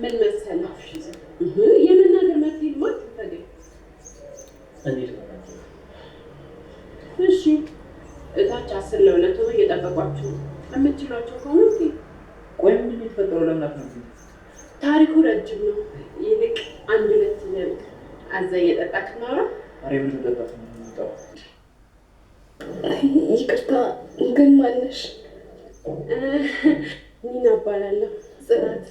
ምን መሰለህ የመናገር መፍትሄ ልማት ተገኝ። እሺ እታች አስር ለሁለት ሆኖ እየጠበቋችሁ የምትችሏቸው ከሆነ ቆይ፣ ምንድን ነው ለምናት ነው ታሪኩ ረጅም ነው። ይልቅ አንድ ሁለት አዛ እየጠጣ ክናራ ይቅርታ ግን ማነሽ? ኒና እባላለሁ። ጽናት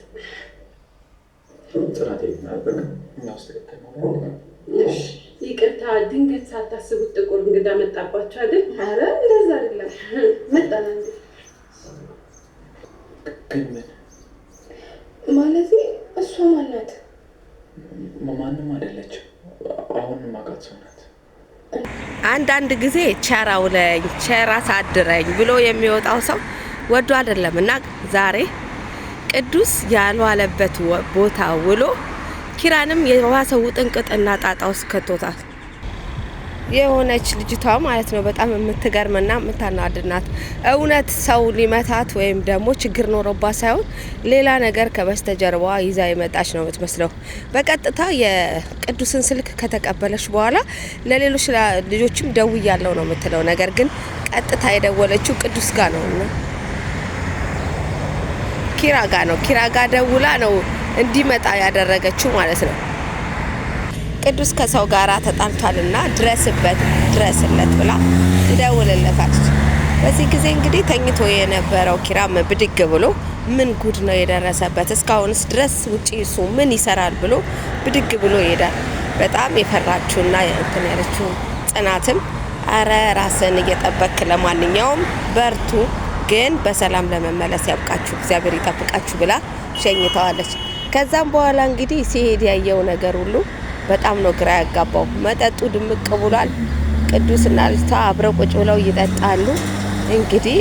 ጽናት ይቅርታ፣ ድንገት ሳታስቡት ጥቁር እንግዳ መጣባቸው አይደል? ኧረ እንደዛ አይደለም። መጣና ማለት እሷ ማናት? ማንም አይደለችም። አሁን ማቃት ሰው ናት። አንዳንድ ጊዜ ቸር አውለኝ ቸር አሳድረኝ ብሎ የሚወጣው ሰው ወዶ አይደለም እና ዛሬ ቅዱስ ያልዋለበት ቦታ ውሎ ኪራንም የዋሰው ጥንቅጥና ጣጣ ውስጥ ከቶታል። የሆነች ልጅቷ ማለት ነው። በጣም የምትገርምና የምታናድናት እውነት ሰው ሊመታት ወይም ደግሞ ችግር ኖሮባት ሳይሆን ሌላ ነገር ከበስተጀርባ ይዛ የመጣች ነው የምትመስለው። በቀጥታ የቅዱስን ስልክ ከተቀበለች በኋላ ለሌሎች ልጆችም እያለው ነው የምትለው። ነገር ግን ቀጥታ የደወለችው ቅዱስ ጋር ነው እና ኪራ ጋር ነው። ኪራ ጋር ደውላ ነው እንዲመጣ ያደረገችው ማለት ነው። ቅዱስ ከሰው ጋር ተጣልቷልና ድረስበት ድረስለት ብላ ትደውልለታለች። በዚህ ጊዜ እንግዲህ ተኝቶ የነበረው ኪራም ብድግ ብሎ ምን ጉድ ነው የደረሰበት እስካሁንስ ድረስ ውጪ እሱ ምን ይሰራል ብሎ ብድግ ብሎ ይሄዳል። በጣም የፈራችሁና እንትን ያለችው ጽናትም አረ ራስን እየጠበክ ለማንኛውም በርቱ፣ ግን በሰላም ለመመለስ ያብቃችሁ፣ እግዚአብሔር ይጠብቃችሁ ብላ ሸኝተዋለች። ከዛም በኋላ እንግዲህ ሲሄድ ያየው ነገር ሁሉ በጣም ነው ግራ ያጋባው። መጠጡ ድምቅ ብሏል። ቅዱስና ልጅቷ አብረው ቁጭ ብለው ይጠጣሉ። እንግዲህ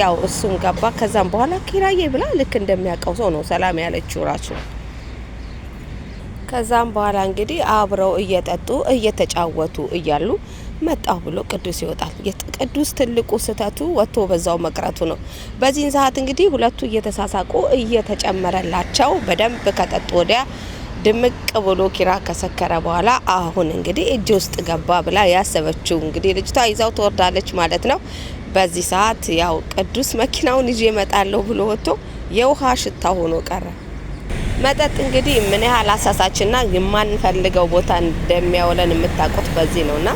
ያው እሱም ገባ። ከዛም በኋላ ኪራዬ ብላ ልክ እንደሚያውቀው ሰው ነው ሰላም ያለችው ራሱ። ከዛም በኋላ እንግዲህ አብረው እየጠጡ እየተጫወቱ እያሉ መጣሁ ብሎ ቅዱስ ይወጣል። ቅዱስ ትልቁ ስህተቱ ወጥቶ በዛው መቅረቱ ነው። በዚህን ሰዓት እንግዲህ ሁለቱ እየተሳሳቁ እየተጨመረላቸው በደንብ ከጠጡ ወዲያ ድምቅ ብሎ ኪራ ከሰከረ በኋላ አሁን እንግዲህ እጅ ውስጥ ገባ ብላ ያሰበችው እንግዲህ ልጅቷ ይዛው ትወርዳለች ማለት ነው። በዚህ ሰዓት ያው ቅዱስ መኪናውን ይዤ እመጣለሁ ብሎ ወጥቶ የውሃ ሽታ ሆኖ ቀረ። መጠጥ እንግዲህ ምን ያህል አሳሳችና የማንፈልገው ቦታ እንደሚያውለን የምታውቁት በዚህ ነውና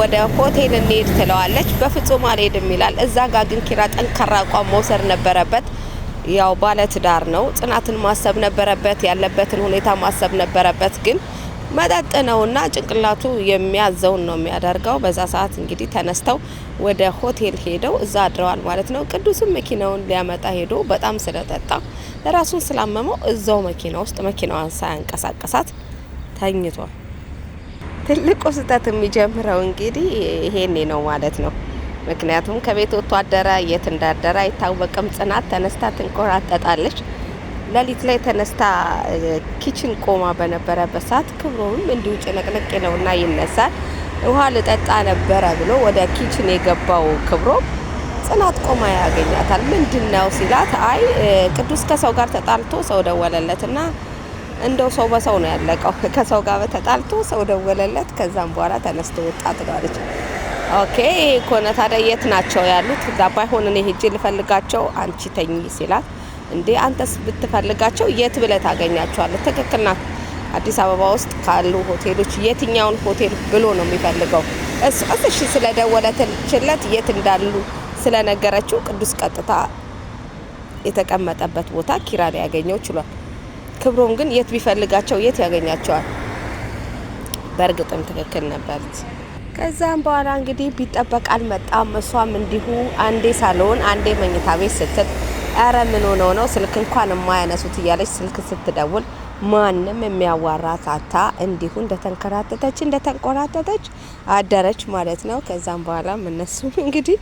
ወደ ሆቴል እንሄድ ትለዋለች። በፍጹም አልሄድም ይላል። እዛ ጋ ግን ኪራ ጠንካራ አቋም መውሰድ ነበረበት። ያው ባለትዳር ነው። ጽናትን ማሰብ ነበረበት፣ ያለበትን ሁኔታ ማሰብ ነበረበት። ግን መጠጥ ነውና ጭንቅላቱ የሚያዘውን ነው የሚያደርገው። በዛ ሰዓት እንግዲህ ተነስተው ወደ ሆቴል ሄደው እዛ አድረዋል ማለት ነው። ቅዱስም መኪናውን ሊያመጣ ሄዶ በጣም ስለጠጣ ራሱን ስላመመው እዛው መኪና ውስጥ መኪናዋን ሳያንቀሳቀሳት ተኝቷል። ትልቁ ስህተት የሚጀምረው እንግዲህ ይሄኔ ነው ማለት ነው። ምክንያቱም ከቤት ወጥቶ አደረ፣ የት እንዳደረ አይታወቅም። ጽናት ተነስታ ትንቆራጠጣለች። ሌሊት ላይ ተነስታ ኪችን ቆማ በነበረበት ሰዓት ክብሮም እንዲሁ ጭንቅንቅ ነውና ይነሳል። ውሃ ልጠጣ ነበረ ብሎ ወደ ኪችን የገባው ክብሮም ጽናት ቆማ ያገኛታል። ምንድን ነው ሲላት፣ አይ ቅዱስ ከሰው ጋር ተጣልቶ ሰው ደወለለትና እንደው ሰው በሰው ነው ያለቀው። ከሰው ጋር ተጣልቶ ሰው ደወለለት። ከዛም በኋላ ተነስቶ ወጣ ትለዋለች። ኦኬ ከሆነ ታዲያ የት ናቸው ያሉት? እዛ ባይሆን እኔ ሄጄ ልፈልጋቸው አንቺ ተኝ ሲላት፣ እንዴ አንተስ ብትፈልጋቸው የት ብለህ ታገኛቸዋለህ? ትክክል ናት። አዲስ አበባ ውስጥ ካሉ ሆቴሎች የትኛውን ሆቴል ብሎ ነው የሚፈልገው? እሱ እሺ ስለደወለችለት የት እንዳሉ ስለነገረችው ቅዱስ ቀጥታ የተቀመጠበት ቦታ ኪራ ሊያገኘው ችሏል። ክብሮም ግን የት ቢፈልጋቸው የት ያገኛቸዋል? በእርግጥም ትክክል ነበረች። ከዛም በኋላ እንግዲህ ቢጠበቅ አልመጣም። እሷም እንዲሁ አንዴ ሳሎን አንዴ መኝታ ቤት ስትል ኧረ ምን ሆነው ነው ስልክ እንኳን የማያነሱት እያለች ስልክ ስትደውል ማንም የሚያዋራ ሳታ እንዲሁ እንደተንከራተተች እንደተንቆራተተች አደረች ማለት ነው። ከዛም በኋላ እነሱም እንግዲህ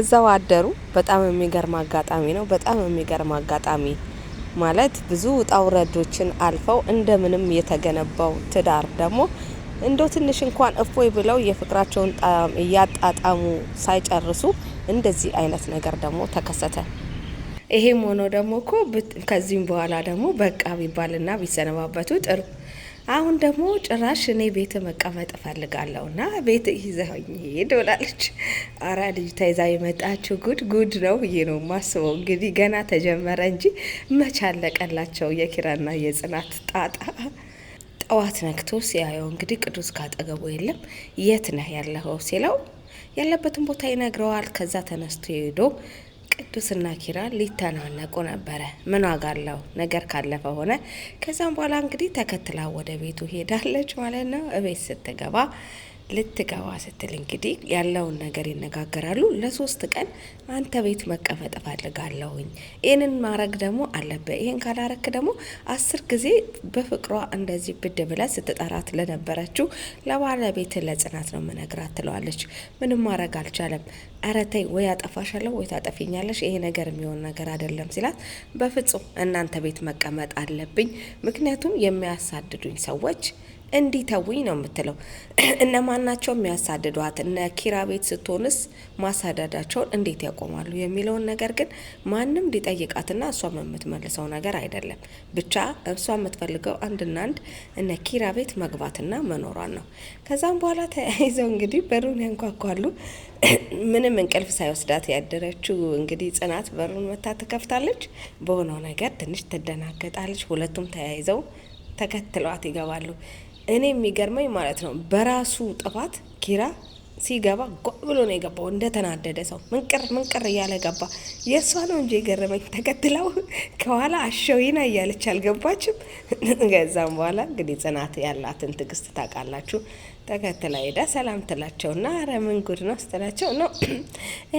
እዛው አደሩ። በጣም የሚገርም አጋጣሚ ነው። በጣም የሚገርም አጋጣሚ ማለት ብዙ ውጣ ውረዶችን አልፈው እንደምንም የተገነባው ትዳር ደግሞ እንደው ትንሽ እንኳን እፎይ ብለው የፍቅራቸውን ጣዕም እያጣጣሙ ሳይጨርሱ እንደዚህ አይነት ነገር ደግሞ ተከሰተ። ይሄም ሆኖ ደግሞ እኮ ከዚህም በኋላ ደግሞ በቃ ቢባልና ቢሰነባበቱ ጥሩ። አሁን ደግሞ ጭራሽ እኔ ቤት መቀመጥ እፈልጋለሁ እና ቤት ይዘኝ ሄድ ብላለች። አራ ልጅ ተይዛ የመጣችው ጉድ ጉድ ነው ብዬ ነው ማስበው። እንግዲህ ገና ተጀመረ እንጂ መቻለቀላቸው የኪራና የጽናት ጣጣ ጠዋት ነግቶ ሲያየው እንግዲህ ቅዱስ ካጠገቡ የለም። የት ነህ ያለኸው ሲለው ያለበትን ቦታ ይነግረዋል። ከዛ ተነስቶ ሄዶ ቅዱስና ኪራ ሊተናነቁ ነበረ። ምን ዋጋ አለው ነገር ካለፈ ሆነ። ከዛም በኋላ እንግዲህ ተከትላ ወደ ቤቱ ሄዳለች ማለት ነው። እቤት ስትገባ ልትገባ ስትል እንግዲህ ያለውን ነገር ይነጋገራሉ። ለሶስት ቀን አንተ ቤት መቀመጥ እፈልጋለሁኝ፣ ይህንን ማድረግ ደግሞ አለብህ፣ ይህን ካላረክ ደግሞ አስር ጊዜ በፍቅሯ እንደዚህ ብድ ብለ ስትጠራት ለነበረችው ለባለቤት ለጽናት ነው ምነግራት ትለዋለች። ምንም ማድረግ አልቻለም። ኧረ ተይ ወይ አጠፋሻለሁ ወይ ታጠፊኛለሽ፣ ይሄ ነገር የሚሆን ነገር አይደለም ሲላት፣ በፍጹም እናንተ ቤት መቀመጥ አለብኝ፣ ምክንያቱም የሚያሳድዱኝ ሰዎች እንዲተውኝ ነው የምትለው። እነማን ናቸው የሚያሳድዷት? እነ ኪራ ቤት ስትሆንስ ማሳደዳቸውን እንዴት ያቆማሉ የሚለውን ነገር ግን ማንም ሊጠይቃትና እሷም የምትመልሰው ነገር አይደለም። ብቻ እሷ የምትፈልገው አንድና አንድ እነ ኪራ ቤት መግባትና መኖሯን ነው። ከዛም በኋላ ተያይዘው እንግዲህ በሩን ያንኳኳሉ። ምንም እንቅልፍ ሳይወስዳት ያደረችው እንግዲህ ጽናት በሩን መታ ትከፍታለች። በሆነው ነገር ትንሽ ትደናገጣለች። ሁለቱም ተያይዘው ተከትለዋት ይገባሉ። እኔ የሚገርመኝ ማለት ነው በራሱ ጥፋት ኪራ ሲገባ ጓ ብሎ ነው የገባው። እንደተናደደ ሰው ምንቅር ምንቅር እያለ ገባ። የእሷ ነው እንጂ የገረመኝ ተከትለው ከኋላ አሸዊና እያለች አልገባችም። ከዛም በኋላ እንግዲህ ጽናት ያላትን ትዕግስት ታውቃላችሁ። ተከትላ ሄዳ ሰላም ትላቸውና አረ ምን ጉድ ነው ስትላቸው ነው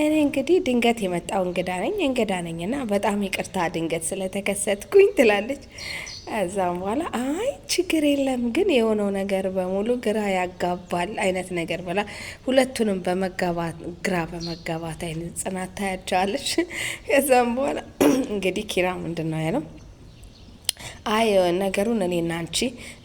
እኔ እንግዲህ ድንገት የመጣው እንግዳ ነኝ እንግዳ ነኝና በጣም ይቅርታ ድንገት ስለተከሰትኩኝ ትላለች። እዛም በኋላ አይ ችግር የለም ግን የሆነው ነገር በሙሉ ግራ ያጋባል አይነት ነገር ብላ ሁለቱንም በመጋባት ግራ በመጋባት አይነት ጽናት ታያቸዋለች። እዛም በኋላ እንግዲህ ኪራ ምንድን ነው ያለው አይ ነገሩን እኔ እና አንቺ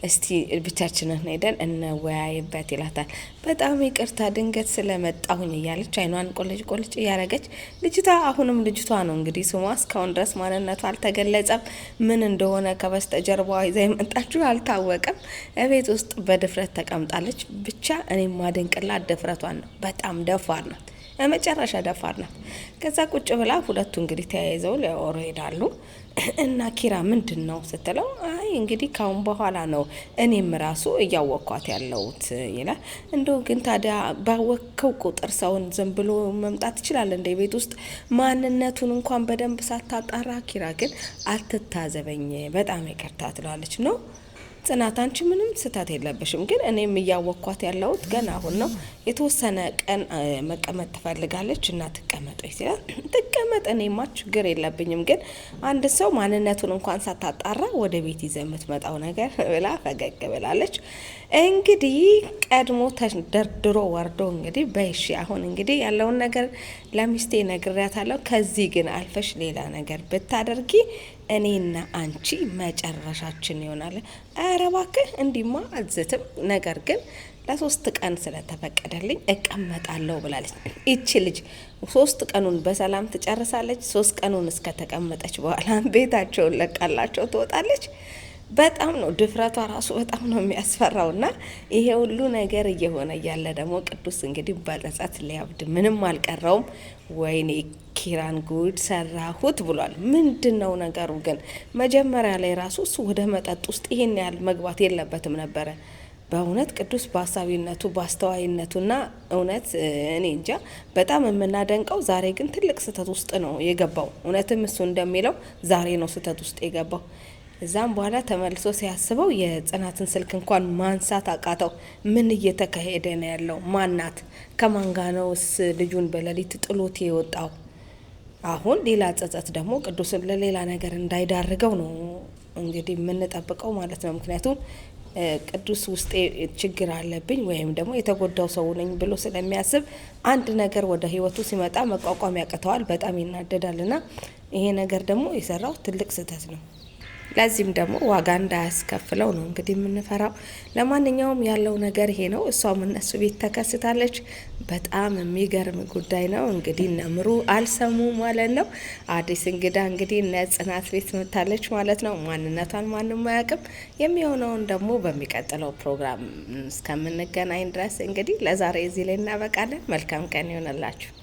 እስቲ ብቻችንን ሄደን እንወያይበት ይላታል። በጣም ይቅርታ ድንገት ስለመጣሁኝ እያለች አይኗን ቆልጭ ቆልጭ እያረገች ልጅቷ አሁንም ልጅቷ ነው እንግዲህ ስሟ እስካሁን ድረስ ማንነቱ አልተገለጸም። ምን እንደሆነ ከበስተጀርባዋ ይዛ የመጣችሁ አልታወቀም። እቤት ውስጥ በድፍረት ተቀምጣለች። ብቻ እኔ ማደንቅላት ድፍረቷን ነው። በጣም ደፋር ናት። መጨረሻ ደፋር ናት። ከዛ ቁጭ ብላ ሁለቱ እንግዲህ ተያይዘው ሊያወሩ ይሄዳሉ። እና ኪራ ምንድን ነው ስትለው፣ አይ እንግዲህ ካሁን በኋላ ነው እኔም ራሱ እያወቅኳት ያለሁት ይላል። እንደው ግን ታዲያ ባወቅከው ቁጥር ሰውን ዝም ብሎ መምጣት ይችላል እንደ ቤት ውስጥ ማንነቱን እንኳን በደንብ ሳታጣራ። ኪራ ግን አትታዘበኝ፣ በጣም ይቅርታ ትለዋለች ነው ጽናት አንቺ ምንም ስህተት የለብሽም፣ ግን እኔም እያወቅኳት ያለሁት ገና አሁን ነው። የተወሰነ ቀን መቀመጥ ትፈልጋለች እና ትቀመጡ ይችላል። ትቀመጥ፣ እኔማ ችግር የለብኝም፣ ግን አንድ ሰው ማንነቱን እንኳን ሳታጣራ ወደ ቤት ይዘ የምትመጣው ነገር ብላ ፈገግ ብላለች። እንግዲህ ቀድሞ ተደርድሮ ወርዶ እንግዲህ በይሺ አሁን እንግዲህ ያለውን ነገር ለሚስቴ ነግሬያታለሁ። ከዚህ ግን አልፈሽ ሌላ ነገር ብታደርጊ እኔና አንቺ መጨረሻችን ይሆናል። ኧረ እባክህ እንዲማ አልዝትም። ነገር ግን ለሶስት ቀን ስለተፈቀደልኝ እቀመጣለሁ ብላለች። ይቺ ልጅ ሶስት ቀኑን በሰላም ትጨርሳለች። ሶስት ቀኑን እስከተቀመጠች በኋላ ቤታቸውን ለቃላቸው ትወጣለች። በጣም ነው ድፍረቷ ራሱ በጣም ነው የሚያስፈራው። እና ይሄ ሁሉ ነገር እየሆነ እያለ ደግሞ ቅዱስ እንግዲህ በጸጸት ሊያብድ ምንም አልቀረውም። ወይኔ ኪራን ጉድ ሰራሁት ብሏል። ምንድን ነው ነገሩ? ግን መጀመሪያ ላይ ራሱ እሱ ወደ መጠጥ ውስጥ ይሄን ያህል መግባት የለበትም ነበረ። በእውነት ቅዱስ በአሳቢነቱ በአስተዋይነቱና እውነት እኔ እንጃ በጣም የምናደንቀው ዛሬ ግን ትልቅ ስህተት ውስጥ ነው የገባው። እውነትም እሱ እንደሚለው ዛሬ ነው ስህተት ውስጥ የገባው። እዛም በኋላ ተመልሶ ሲያስበው የጽናትን ስልክ እንኳን ማንሳት አቃተው። ምን እየተካሄደ ነው ያለው? ማናት? ከማን ነውስ ልጁን በሌሊት ጥሎት የወጣው? አሁን ሌላ ጸጸት ደግሞ ቅዱስን ለሌላ ነገር እንዳይዳርገው ነው እንግዲህ የምንጠብቀው ማለት ነው። ምክንያቱም ቅዱስ ውስጤ ችግር አለብኝ ወይም ደግሞ የተጎዳው ሰው ነኝ ብሎ ስለሚያስብ አንድ ነገር ወደ ህይወቱ ሲመጣ መቋቋም ያቅተዋል፣ በጣም ይናደዳል። እና ይሄ ነገር ደግሞ የሰራው ትልቅ ስህተት ነው። ለዚህም ደግሞ ዋጋ እንዳያስከፍለው ነው እንግዲህ የምንፈራው። ለማንኛውም ያለው ነገር ይሄ ነው። እሷም እነሱ ቤት ተከስታለች። በጣም የሚገርም ጉዳይ ነው እንግዲህ ነምሩ አልሰሙ ማለት ነው። አዲስ እንግዳ እንግዲህ እነ ጽናት ቤት መታለች ማለት ነው። ማንነቷን ማንም አያውቅም። የሚሆነውን ደግሞ በሚቀጥለው ፕሮግራም እስከምንገናኝ ድረስ እንግዲህ ለዛሬ እዚህ ላይ እናበቃለን። መልካም ቀን ይሆንላችሁ።